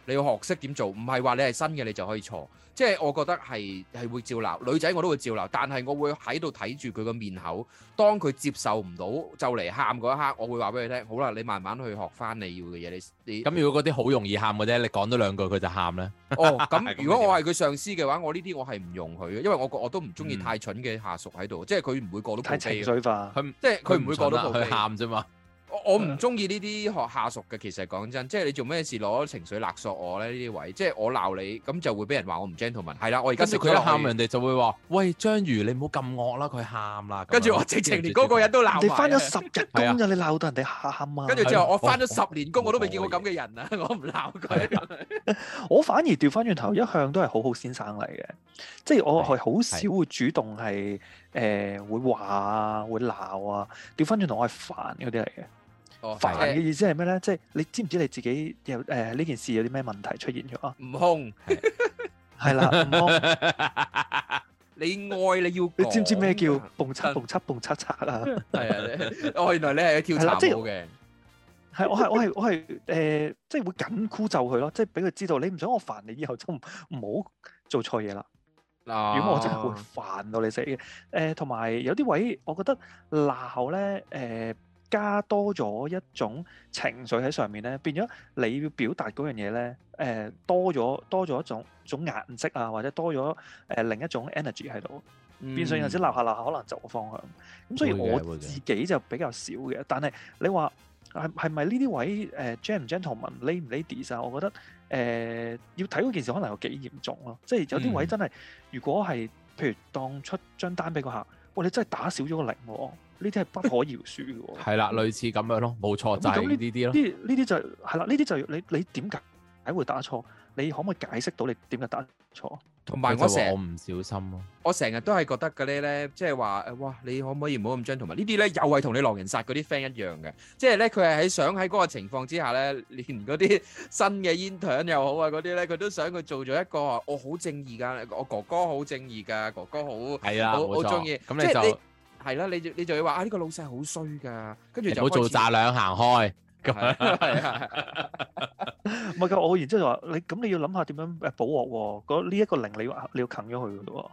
你要學識點做，唔係話你係新嘅你就可以錯，即係我覺得係係會照鬧。女仔我都會照鬧，但係我會喺度睇住佢個面口。當佢接受唔到就嚟喊嗰一刻，我會話俾佢聽：好啦，你慢慢去學翻你要嘅嘢。你你咁如果嗰啲好容易喊嘅啫，你講多兩句佢就喊咧？哦，咁如果我係佢上司嘅話，我呢啲我係唔容許嘅，因為我我都唔中意太蠢嘅下屬喺度，嗯、即係佢唔會過到氣。太情緒化，即係佢唔會過到氣。喊啫嘛。 (laughs) 我我唔中意呢啲學下屬嘅，其實講真，即係你做咩事攞情緒勒索我咧？呢啲位，即係我鬧你，咁就會俾人話我唔 gentleman。係啦，我而家識佢一喊，人哋就會話：喂章魚，你唔好咁惡啦！佢喊啦。樣跟住我直情連嗰個人都鬧。你翻咗十日工呀、啊？ (laughs) 你鬧到人哋喊、啊。跟住之後，我翻咗十年工， (laughs) 我都未見過咁嘅人啊！我唔鬧佢。 (laughs) (laughs) 我反而調翻轉頭，一向都係好好先生嚟嘅，即係我係好是是少會主動係。誒會話啊，會鬧啊，調翻轉頭我係煩嗰啲嚟嘅。煩嘅意思係咩咧？即係你知唔知你自己有誒呢件事有啲咩問題出現咗啊？悟空係啦，悟空，你愛你要，你知唔知咩叫蹦擦蹦擦蹦擦擦啊？係啊，哦原來你係要跳槽嘅，係我係我係我係誒，即係會緊箍咒佢咯，即係俾佢知道你唔想我煩你，以後就唔好做錯嘢啦。如果、啊、我真係會煩到你死，嘅、呃，誒同埋有啲位，我覺得鬧咧，誒、呃、加多咗一種情緒喺上面咧，變咗你要表達嗰樣嘢咧，誒、呃、多咗多咗一種種顏色啊，或者多咗誒、呃、另一種 energy 喺度，嗯、變相有陣時鬧下鬧下可能就個方向。咁所以我自己就比較少嘅，但係你話。係係咪呢啲位誒、uh, gentleman lady ladies 啊？我覺得誒、uh，要睇嗰件事可能有幾嚴重咯、啊。即係有啲位真係，嗯、如果係譬如當出張單俾個客，哇！你真係打少咗個零、哦，呢啲係不可饒恕嘅。係啦、 (laughs) 啊，類似咁樣咯，冇錯樣就係呢啲咯。呢啲就係、係、啦，呢啲、啊、就係、你你點解會打錯？你可唔可以解釋到你點解打錯？同埋我成日唔小心咯、啊，我成日都係覺得嘅咧，即係話，哇，你可唔可以唔好咁 gentle？同埋呢啲咧，又係同你狼人殺嗰啲 friend 一樣嘅，即係咧佢係喺想喺嗰個情況之下咧，連嗰啲新嘅 intern 又好啊，嗰啲咧佢都想佢做咗一個，我、哦、好正義噶，我哥哥好正義噶，哥哥好係啦，冇錯，中意。咁那你係啦就，你就你就要話啊呢、這個老細好衰噶，跟住就做炸兩行開。係啊，唔係㗎，我然之後就話你咁、這個，你要諗下點樣誒補鑊喎？嗰呢一個零，你話你要近咗佢嘅喎。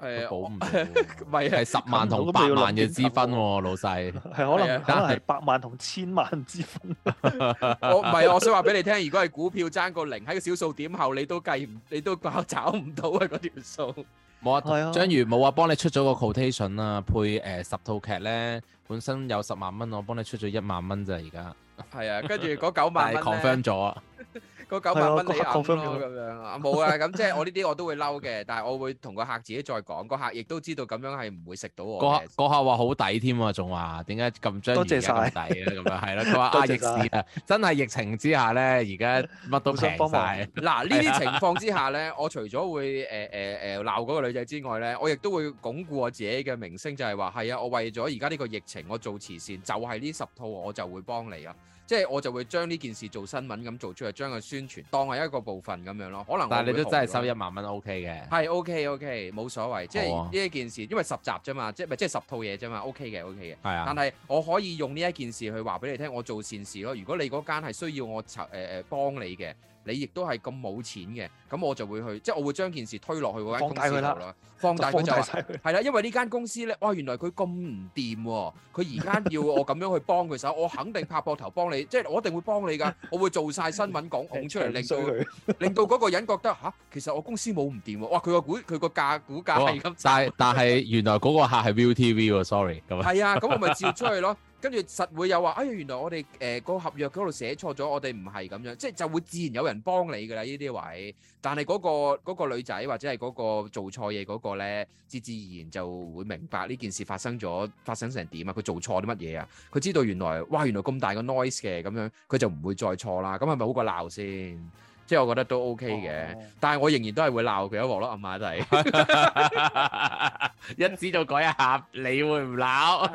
係補唔係係十萬同百萬嘅之分喎，老細闆係可能是、啊、可係百萬同千萬之分。我唔係，我想話俾你聽，如果係股票爭個零喺個小數點後，你都計唔，你都搞找唔到、那個、沒是啊嗰條數。冇啊，章魚冇話幫你出咗個 quotation 啊，配、呃、誒十套劇咧，本身有十萬蚊，我幫你出咗一萬蚊啫，而家。係啊，跟住嗰九萬 confirm 咗啊。個九百蚊睇眼咁樣啊，冇啊，咁、啊、即係我呢啲我都會嬲嘅， (laughs) 但係我會同個客自己再講，個客亦都知道咁樣係唔會食到我。個 (laughs) 客客話，好抵添啊，仲話點解咁將？多謝曬。抵嘅咁樣係咯，佢話啊，疫情真係疫情之下咧，而家乜都平曬。嗱呢啲情況之下咧，我除咗會誒誒誒鬧嗰個女仔之外咧，我亦都會鞏固我自己嘅名聲就，就係話係啊，我為咗而家呢個疫情，我做慈善就係、是、呢十套，我就會幫你啊。即係我就會將呢件事做新聞咁做出去，將個宣傳當係一個部分咁樣咯。可能但係你都真係收一萬蚊 OK 嘅，係 OK OK 冇所謂。啊、即係呢一件事，因為十集啫嘛，即係咪即係十套嘢啫嘛，OK 嘅 OK 嘅。係啊，但係我可以用呢一件事去話俾你聽，我做善事咯。如果你嗰間係需要我籌誒誒幫你嘅。你亦都係咁冇錢嘅，咁我就會去，即係我會將件事推落去嗰間公司度咯，放大佢就係啦，因為呢間公司咧，哇原來佢咁唔掂喎，佢而家要我咁樣去幫佢手， (laughs) 我肯定拍膊頭幫你， (laughs) 即係我一定會幫你噶，我會做晒新聞講講出嚟，令到 (laughs) 令到嗰個人覺得吓、啊，其實我公司冇唔掂喎，哇佢個股佢個價股價係咁、啊，但係 (laughs) 但係原來嗰個客係 Viu TV Sorry, s o r r y 咁啊，係啊， (laughs) 咁我咪照出去咯。跟住實會有話，哎呀，原來我哋誒個合約嗰度寫錯咗，我哋唔係咁樣，即係就會自然有人幫你噶啦呢啲位。但係嗰個嗰個女仔或者係嗰個做錯嘢嗰個咧，自自然就會明白呢件事發生咗，發生成點啊？佢做錯啲乜嘢啊？佢知道原來，哇，原來咁大個 noise 嘅咁樣，佢就唔會再錯啦。咁係咪好過鬧先？即係我覺得都 OK 嘅，oh. 但係我仍然都係會鬧佢一鑊咯，阿馬仔。 (laughs) (laughs) (laughs) 一知道嗰一下，你會唔鬧？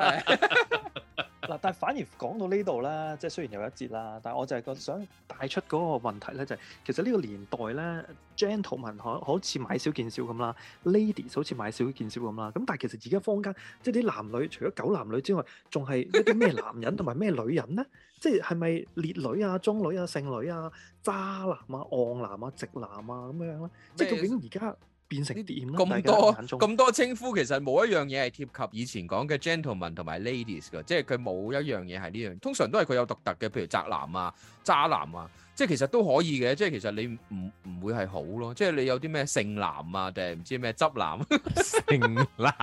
(laughs) 嗱，但係反而講到呢度咧，即係雖然有一節啦，但係我就係個想帶出嗰個問題咧，就係、是、其實呢個年代咧 (laughs) ，gentleman 好似買少見少咁啦，lady 好似買少見少咁啦，咁但係其實而家坊間即係啲男女，除咗狗男女之外，仲係一啲咩男人同埋咩女人咧？即係係咪烈女啊、中女啊、剩女啊、渣男啊、昂男啊、直男啊咁樣咧？即係究竟而家？變成啲點咁多咁多稱呼，其實冇一樣嘢係貼及以前講嘅 Gentlemen 同埋 ladies 㗎，即係佢冇一樣嘢係呢樣。通常都係佢有獨特嘅，譬如宅男啊、渣男啊，即係其實都可以嘅。即係其實你唔唔會係好咯，即係你有啲咩性男啊，定係唔知咩執男？性男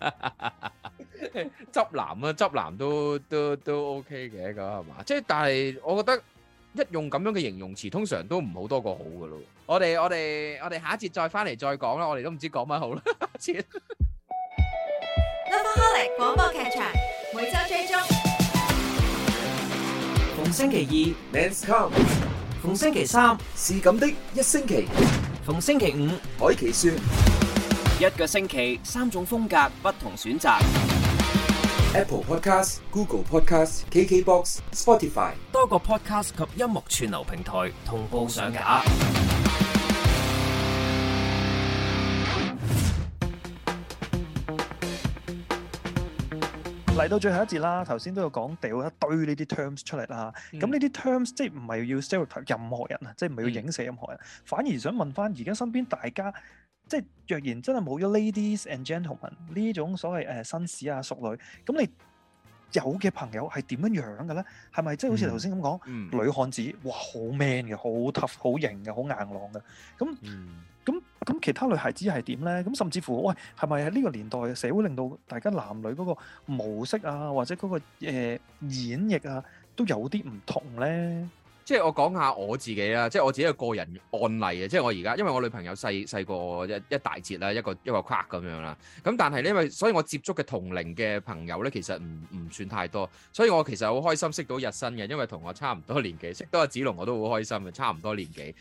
(laughs) (laughs) 執男啊，執男都都都 OK 嘅咁係嘛？即係但係我覺得。一用咁樣嘅形容詞，通常都唔好多個好嘅咯。我哋我哋我哋下一節再翻嚟再講啦，我哋都唔知講乜好啦。Lovaholic 廣播劇場每周追蹤，逢星期二 Men's Come，逢星期三是咁的一星期，逢星期五海奇說，一個星期三種風格，不同選擇。Apple Podcast、Google Podcast、KKBox、Spotify 多個 podcast 及音樂串流平台同步上架。嚟到最後一節啦，頭先都有講掉一堆呢啲 terms 出嚟啦，咁呢啲 terms 即係唔係要 stereotype 任何人啊，即係唔係要影響任何人，反而想問返而家身邊大家。即係若然真係冇咗 ladies and gentlemen 呢種所謂誒紳士啊淑女，咁你有嘅朋友係點樣樣嘅咧？係咪即係好似頭先咁講女漢子？哇，好 man 嘅，好 tough，好型嘅，好硬朗嘅。咁咁咁其他女孩子係點咧？咁甚至乎喂，係咪喺呢個年代嘅社會令到大家男女嗰個模式啊，或者嗰個誒演繹啊，都有啲唔同咧？即係我講下我自己啦，即係我自己嘅個人案例啊！即係我而家，因為我女朋友細細過我一一大截啦，一個一個框咁樣啦。咁但係呢，因為所以我接觸嘅同齡嘅朋友呢，其實唔唔算太多。所以我其實好開心識到日新嘅，因為同我差唔多年紀，識到阿紫龍我都好開心嘅，差唔多年紀。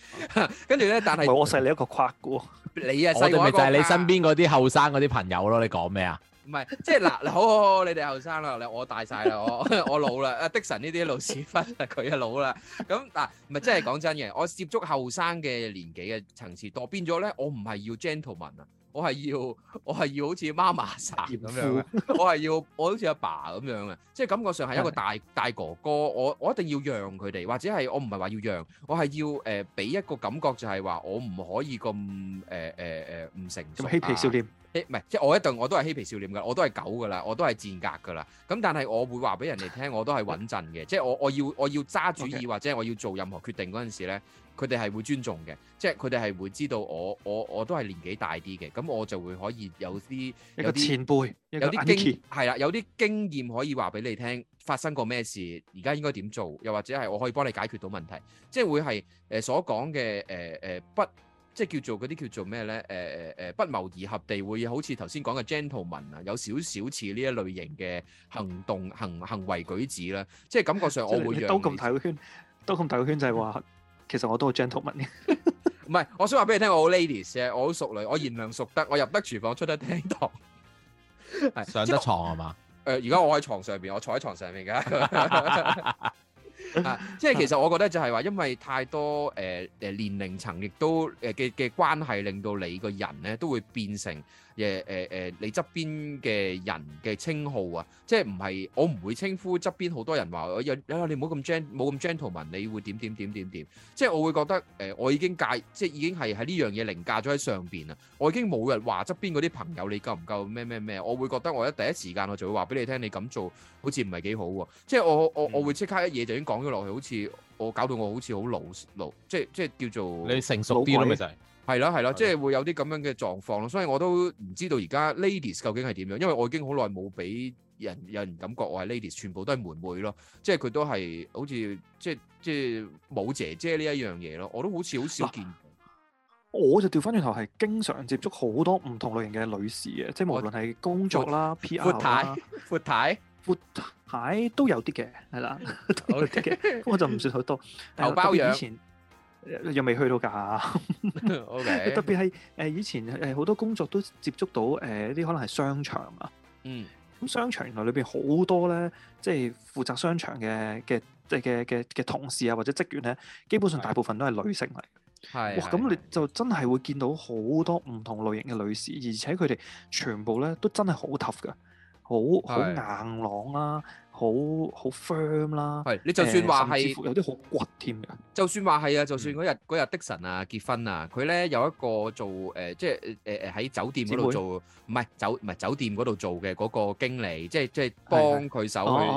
跟 (laughs) 住呢，但係不 (laughs) 我細你一個框噶， (laughs) 你啊細我個。咪 (laughs) 就係你身邊嗰啲後生嗰啲朋友咯？你講咩啊？唔係，即係嗱，嗱好好好，你哋後生啦，你我大晒啦，我我老啦，阿 (laughs) 迪神呢啲老屎忽啊，佢啊老啦，咁嗱，唔係真係講真嘅，我接觸後生嘅年紀嘅層次多，變咗咧，我唔係要 gentleman 啊。我係要，我係要好似媽媽咁樣，我係要我好似阿爸咁樣嘅，即係感覺上係一個大大哥哥，我我一定要讓佢哋，或者係我唔係話要讓，我係要誒俾、呃、一個感覺，就係話我唔可以咁誒誒誒唔成熟。咁、啊、嬉皮笑臉唔係，即係我一定我都係嬉皮笑臉嘅，我都係狗噶啦，我都係賤格噶啦，咁但係我會話俾人哋聽，我都係穩陣嘅， (laughs) 即係我我要我要揸主意，Okay. 或者我要做任何決定嗰陣時咧。佢哋係會尊重嘅，即係佢哋係會知道我我我都係年紀大啲嘅，咁我就會可以有啲有啲前輩，有啲經係啦，有啲經驗可以話俾你聽，發生過咩事，而家應該點做，又或者係我可以幫你解決到問題，即係會係誒所講嘅誒誒不，即係叫做嗰啲叫做咩咧？誒誒誒不謀而合地會好似頭先講嘅 gentleman 啊，有少少似呢一類型嘅行動行行為舉止啦，即係感覺上我會都咁大個圈，都咁大個圈就係話。 (laughs) 其實我都好 gentleman 嘅，唔係， (laughs) 我想話俾你聽，我好 ladies 嘅，我好熟女，我賢良淑德，我入得廚房出得廳堂， (laughs) 是上得床係嘛？誒我，而家、 (laughs) 呃、我喺床上邊，我坐喺床上邊㗎、 (laughs) (laughs) (laughs) 啊，即係其實我覺得就係話，因為太多誒誒、呃、年齡層，亦都誒嘅嘅關係，令到你個人咧都會變成。嘅誒誒，你側邊嘅人嘅稱號啊，即係唔係我唔會稱呼側邊好多人話我有，你唔好咁 gentle，冇咁 gentleman，你會點點點點點？即係我會覺得誒，我已經界，即係已經係喺呢樣嘢凌駕咗喺上邊啦。我已經冇人話側邊嗰啲朋友你夠唔夠咩咩咩，我會覺得我一第一時間我就會話俾你聽，你咁做好似唔係幾好喎。即係我我、嗯、我會即刻一嘢就已經講咗落去，好似我搞到我好似好老老，即係即係叫做你成熟啲咯鬼，咪就係。係啦，係啦，即係會有啲咁樣嘅狀況咯，所以我都唔知道而家 ladies 究竟係點樣，因為我已經好耐冇俾人有人感覺我係 ladies，全部都係妹妹咯，即係佢都係好似即係即係冇姐姐呢一樣嘢咯，我都好似好少見。我就調返轉頭係經常接觸好多唔同類型嘅女士嘅，即係無論係工作啦、我 PR 啦、闊太、闊太、闊太都有啲嘅，係啦，有啲嘅，我就唔算好多。又包養。又未去到㗎， (laughs) Okay. 特別係誒、呃、以前誒好多工作都接觸到誒啲、呃、可能係商場啊，嗯，咁商場原來裏邊好多咧，即係負責商場嘅嘅即係嘅嘅嘅同事啊或者職員咧，基本上大部分都係女性嚟，係是，哇！咁你就真係會見到好多唔同類型嘅女士，而且佢哋全部咧都真係好 tough 噶，好好是硬朗啦、啊。好好 firm 啦，係你就算話係，甚至乎有啲好骨添嘅。就算話係、嗯、啊，就算嗰日嗰日迪神啊結婚啊，佢咧有一個做誒、呃，即係誒誒喺酒店嗰度做，唔係會酒唔係酒店嗰度做嘅嗰個經理，即係即係幫佢手去。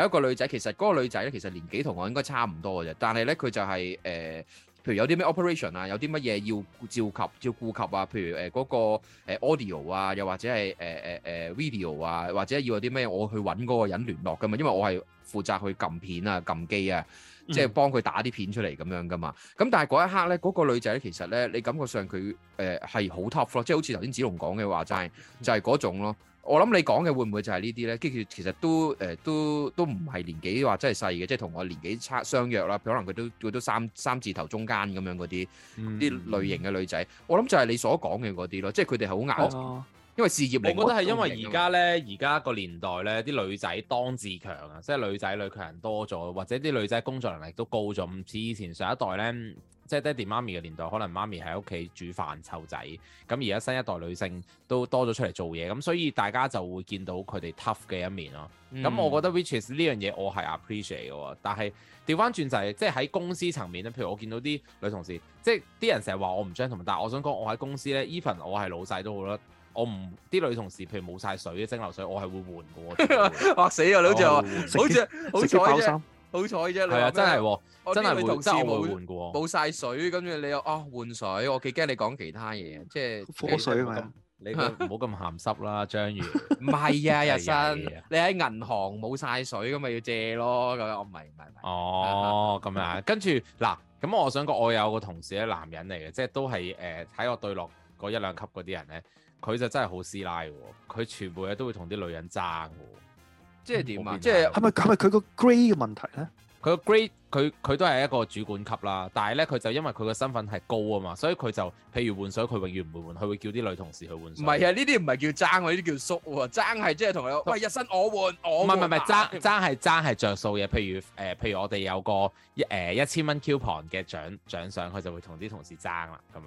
的有一個女仔，其實嗰個女仔咧，其實年紀同我應該差唔多嘅啫，但係咧佢就係、是、誒。呃譬如有啲咩 operation 啊，有啲乜嘢要照及要顧及啊，譬如誒、呃嗰個、呃、audio 啊，又或者係誒誒誒 video 啊，或者要啲咩，我去揾嗰個人聯絡噶嘛，因為我係負責去撳片啊、撳機啊，即係幫佢打啲片出嚟咁樣噶嘛。咁、嗯嗯、但係嗰一刻咧，嗰、嗰個女仔咧，其實咧，你感覺上佢誒係好 tough 咯，即係好似頭先紫龍講嘅話，就係、是、就係嗰種咯。我諗你講嘅會唔會就係呢啲呢？跟住其實都誒、呃，都都唔係年紀話真係細嘅，即係同我年紀差相若啦。可能佢都佢都三三字頭中間咁樣嗰啲啲類型嘅女仔。我諗就係你所講嘅嗰啲咯，即係佢哋好硬，嗯、因為事業。我覺得係因為而家呢，而家個年代呢，啲女仔當自強啊，即係女仔女強人多咗，或者啲女仔工作能力都高咗，唔似以前上一代呢。即係爹地媽咪嘅年代，可能媽咪喺屋企煮飯湊仔。咁而家新一代女性都多咗出嚟做嘢，咁所以大家就會見到佢哋 tough 嘅一面咯。咁、嗯、我覺得 witches 呢樣嘢我係 appreciate 嘅喎。但係調翻轉就係、是、即係喺公司層面咧，譬如我見到啲女同事，即係啲人成日話我唔 gentleman 但係我想講我喺公司咧，even 我係老細都好啦，我唔啲女同事譬如冇晒水蒸餾水，我係會換嘅喎。嚇 (laughs) 死我，你好似又、哦、點好似好似。好彩啫，係啊，真係，真係冇爭冇換嘅，冇曬水，跟住你又啊換水，我幾驚你講其他嘢，即係火水，你唔好咁鹹濕啦，章魚。唔係啊，日新，你喺銀行冇晒水咁咪要借咯，咁我唔係唔係哦，咁樣，跟住嗱，咁我想講，我有個同事咧，男人嚟嘅，即係都係誒喺我對落嗰一兩級嗰啲人咧，佢就真係好師奶，佢全部嘢都會同啲女人爭。即係點啊？即係係咪係咪佢個 grade 嘅問題咧？佢個 grade 佢，佢都係一個主管級啦，但係咧佢就因為佢個身份係高啊嘛，所以佢就譬如換水，佢永遠唔會換，佢會叫啲女同事去換水。唔係啊，呢啲唔係叫爭，呢啲叫縮。爭係即係同佢喂，日新我換我換。唔係唔係係，啊、爭爭係爭係着數嘅。」譬如誒、呃，譬如我哋有個一誒一千蚊 coupon 嘅獎獎賞，佢、呃、就會同啲同事爭啦，咁樣。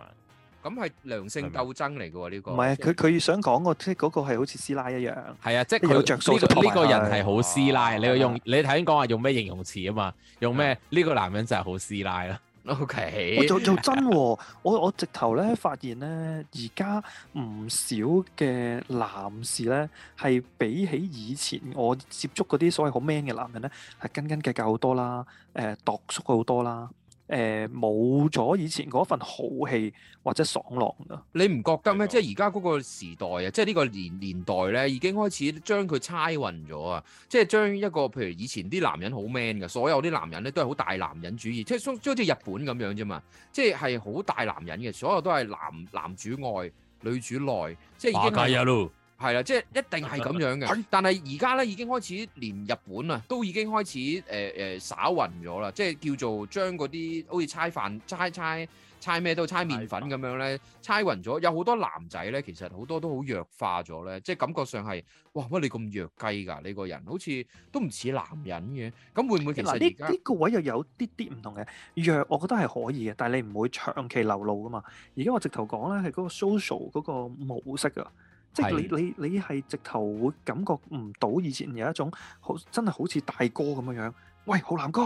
咁係良性鬥爭嚟嘅喎，呢、這個唔係啊！佢佢是想講個即係嗰個係好似師奶一樣，係啊！即係佢有著數呢、這個呢、這個人係好師奶。啊、你用、啊、你頭先講話用咩形容詞啊嘛？用咩？呢的個男人就係好師奶啦。OK，做又真喎、哦！我我直頭咧發現咧，而家唔少嘅男士咧係比起以前我接觸嗰啲所謂好 man 嘅男人咧，係斤斤計較好多啦，誒、呃，度縮好多啦。誒冇咗以前嗰份豪氣或者爽朗啦，你唔覺得咩？的即係而家嗰個時代啊，即係呢個年年代咧，已經開始將佢猜混咗啊！即係將一個譬如以前啲男人好 man 嘅，所有啲男人咧都係好大男人主義，即係好似，即係日本咁樣啫嘛！即係係好大男人嘅，所有都係男男主外女主內，即係已經。係啦，即係一定係咁樣嘅。但係而家咧，已經開始連日本啊，都已經開始誒誒灑混咗啦。即係叫做將嗰啲好似猜飯、猜猜猜咩都猜麵粉咁樣咧，猜混咗。有好多男仔咧，其實好多都好弱化咗咧。即係感覺上係哇乜你咁弱雞㗎？你個人好似都唔似男人嘅。咁會唔會其實而家呢個位又有啲啲唔同嘅弱？我覺得係可以嘅，但係你唔會長期流露㗎嘛。而家我直頭講咧，係嗰個 social 嗰個模式啊。即係你你你係直頭會感覺唔到以前有一種好真係好似大哥咁樣樣，喂，浩南哥，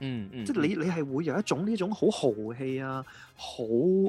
嗯嗯，嗯，即係你你係會有一種呢種好豪氣啊，好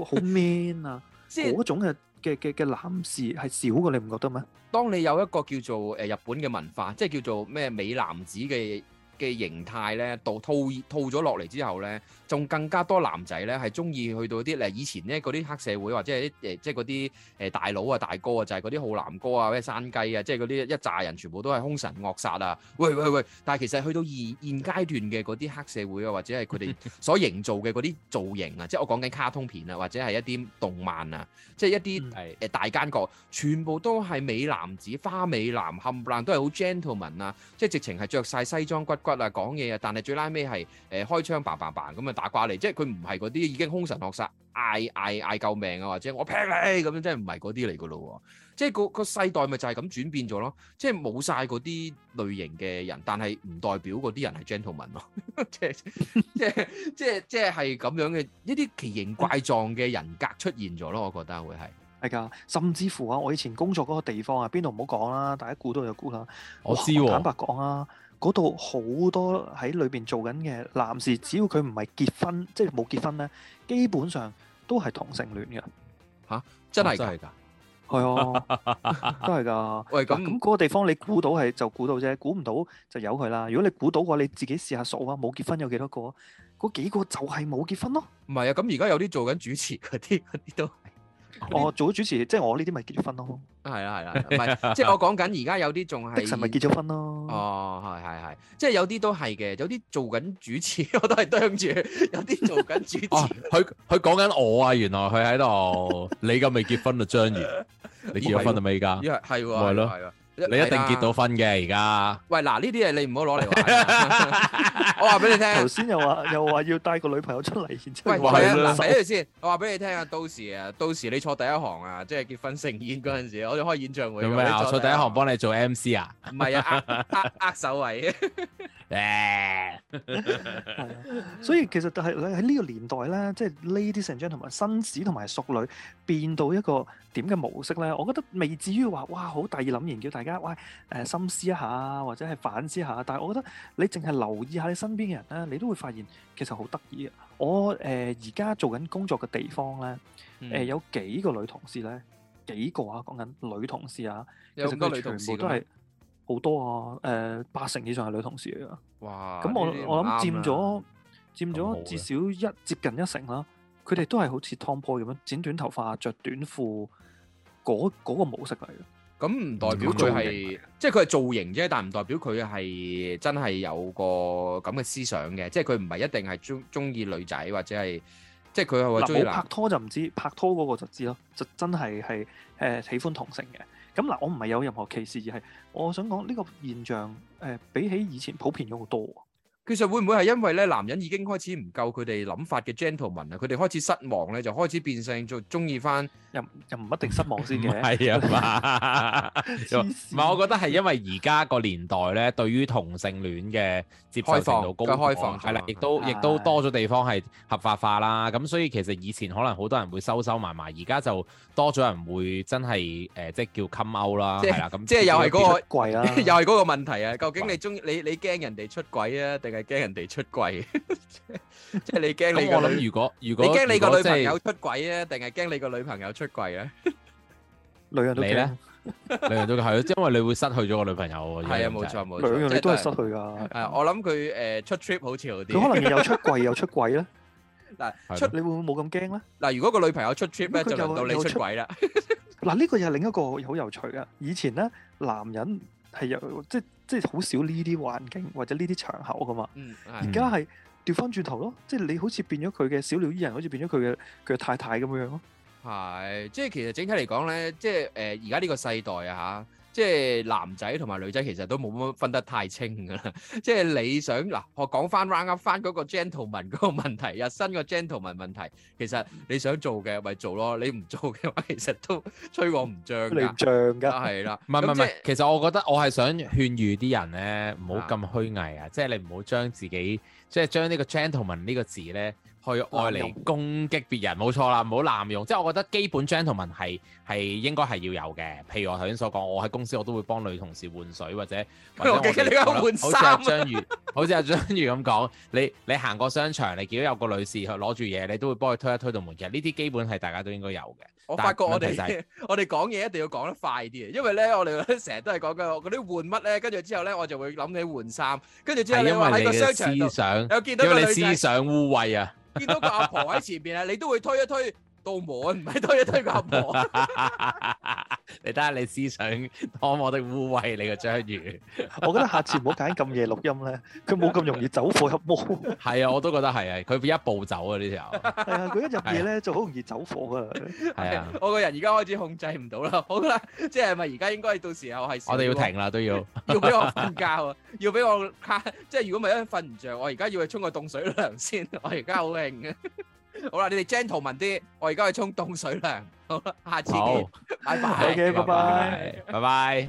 好 man 啊，嗰 (laughs) 即種嘅嘅嘅嘅男士係少嘅，你唔覺得咩？當你有一個叫做誒、呃、日本嘅文化，即係叫做咩美男子嘅。嘅形態咧，到套套咗落嚟之後咧，仲更加多男仔咧，係中意去到啲誒以前咧，啲黑社會或者係誒即係啲誒大佬啊、大哥啊，就係啲浩南哥啊、咩山雞啊，即係啲一紮人全部都係凶神惡煞啊！喂喂喂！但係其實去到現現階段嘅啲黑社會啊，或者係佢哋所營造嘅啲造型啊，即係我講緊卡通片啊，或者係一啲動漫啊，即係一啲誒誒大奸角全部都係美男子、花美男冚唪唥都係好 gentleman 啊！即係直情係着晒西裝骨。啊講嘢啊，但係最拉尾係誒開槍，bang bang bang 咁啊打瓜嚟，即係佢唔係嗰啲已經凶神惡煞，嗌嗌嗌救命啊，或者我劈你咁樣，即係唔係嗰啲嚟噶咯，即係個個世代咪就係咁轉變咗咯，即係冇晒嗰啲類型嘅人，但係唔代表嗰啲人係 gentleman 咯，即係即係即係即係係咁樣嘅一啲奇形怪狀嘅人格出現咗咯，我覺得會係係噶，甚至乎啊，我以前工作嗰個地方啊，邊度唔好講啦，大家估都有估啦，我知，坦白講啊。嗰度好多喺裏邊做緊嘅男士，只要佢唔係結婚，即係冇結婚咧，基本上都係同性戀嘅。吓，真係噶，係啊，都係噶。喂，咁咁嗰個地方你估到係就估到啫，估唔到就由佢啦。如果你估到嘅話，你自己試下數啊，冇結婚有幾多個？嗰幾個就係冇結婚咯。唔係啊，咁而家有啲做緊主持嗰啲，嗰啲都。我做主持，即係我呢啲咪結咗婚咯。係啦係啦，係即係我講緊而家有啲仲係的神咪結咗婚咯。哦，係係係，即係有啲都係嘅，有啲做緊主持我都係對住，有啲做緊主持。佢佢講緊我啊，原來佢喺度， (laughs) 你咁未結婚啊張怡，你結咗婚啊未㗎？因為係係咯。processo 你一定結到婚嘅而家。喂，嗱呢啲嘢你唔好攞嚟玩。我話俾你聽，頭先又話又話要帶個女朋友出嚟。喂，嗱俾佢先。我話俾你聽啊，到時啊，到時你坐第一行啊，即係結婚盛宴嗰陣時，我哋開演唱會。做咩坐第一行幫你做 MC 啊？唔係啊，握握握手位。誒，所以其實係喺呢個年代咧，即係呢啲 lady 同埋紳士同埋淑女變到一個點嘅模式咧，我覺得未至於話哇好大意諗然叫大家，哇誒深思一下或者係反思下。但係我覺得你淨係留意下你身邊嘅人咧，你都會發現其實好得意。我誒而家做緊工作嘅地方咧，誒有幾個女同事咧。幾個啊？講緊女同事啊，有好多女同事。好多啊，誒、呃、八成以上係女同事嚟㗎。哇！咁、嗯嗯、我我諗佔咗、啊、佔咗至少一接近一成啦。佢哋、嗯、都係好似 Tomboy 咁樣剪短頭髮、着短褲嗰、嗰個模式嚟嘅。咁唔、嗯、代表佢係即係佢係造型啫，但唔代表佢係真係有個咁嘅思想嘅。即係佢唔係一定係鍾鍾意女仔或者係即係佢係話鍾意拍拖就唔知拍拖嗰個就知咯，就真係係誒喜歡同性嘅。咁嗱，我唔係有任何歧視，而係我想講呢個現象，誒、呃、比起以前普遍咗好多。其實會唔會係因為咧，男人已經開始唔夠佢哋諗法嘅 gentleman 啊，佢哋開始失望咧，就開始變性，就中意翻，又又唔一定失望先嘅係啊嘛，唔係我覺得係因為而家個年代咧，對於同性戀嘅接受程度高嘅開放係啦，亦都亦都多咗地方係合法化啦，咁所以其實以前可能好多人會收收埋埋，而家就多咗人會真係誒，即係叫 come out 啦，係啦咁，即係又係嗰個又係嗰個問題啊！究竟你中意你你驚人哋出軌啊，定係？驚人哋出軌，即係你驚你個。我諗如果如果你驚你個女朋友出軌啊，定係驚你個女朋友出軌啊？女人你咧，女人都係咯，即係因為你會失去咗個女朋友。係啊，冇錯冇錯，女人你都係失去噶。誒，我諗佢誒出 trip 好似好啲。咁可能又出軌又出軌咧？嗱，出你會唔會冇咁驚咧？嗱，如果個女朋友出 trip 咧，就輪到你出軌啦。嗱，呢個又係另一個好有趣噶。以前咧，男人。係有，即係即係好少呢啲環境或者呢啲場口㗎嘛。嗯。而家係調翻轉頭咯，即係你好似變咗佢嘅小鳥依人，好似變咗佢嘅佢太太咁樣咯。係，即係其實整體嚟講咧，即係誒而家呢個世代啊嚇。即係男仔同埋女仔，其實都冇乜分得太清噶啦。即係你想嗱、啊，我講翻 round up 翻嗰個 gentleman 嗰個問題，日新個 gentleman 問題。其實你想做嘅咪做咯，你唔做嘅話，其實都吹我唔漲㗎。你唔漲㗎，係啦、 (laughs) 啊，唔係唔係唔係，其實我覺得我係想勸喻啲人咧，唔好咁虛偽啊！即係、啊、你唔好將自己，即係將呢個 gentleman 呢個字咧。去愛嚟攻擊別人，冇錯啦，唔好濫用。即係我覺得基本 gentleman 係係應該係要有嘅。譬如我頭先所講，我喺公司我都會幫女同事換水或者或者有換衫、啊啊。 (laughs) 好似阿章魚咁講，你你行過商場，你見到有個女士去攞住嘢，你都會幫佢推一推到門口。呢啲基本係大家都應該有嘅。我發覺我哋我哋講嘢一定要講得快啲啊，因為咧我哋成日都係講緊嗰啲換乜咧，跟住之後咧我就會諗起換衫，跟住之後咧喺個商場上有見到個女仔，你思想污穢啊。見到個阿婆喺前邊啊， (laughs) 你都會推一推。多毛唔係多一堆個毛，你睇下你思想多麼嘅污穢，你個章魚。我覺得下次唔好揀咁夜錄音咧，佢冇咁容易走火入魔。係啊，我都覺得係啊，佢一步走啊呢時候。係啊，佢一入夜咧就好容易走火噶啦。係啊，我個人而家開始控制唔到啦。好啦，即係咪而家應該到時候係我哋要停啦都要，要俾我瞓覺啊，要俾我即係如果咪係一瞓唔着，我而家要去沖個凍水涼先。我而家好興嘅。好啦，你哋 gentleman 啲，我而家去沖凍水涼，好，下次見，拜拜，OK，拜拜，拜拜。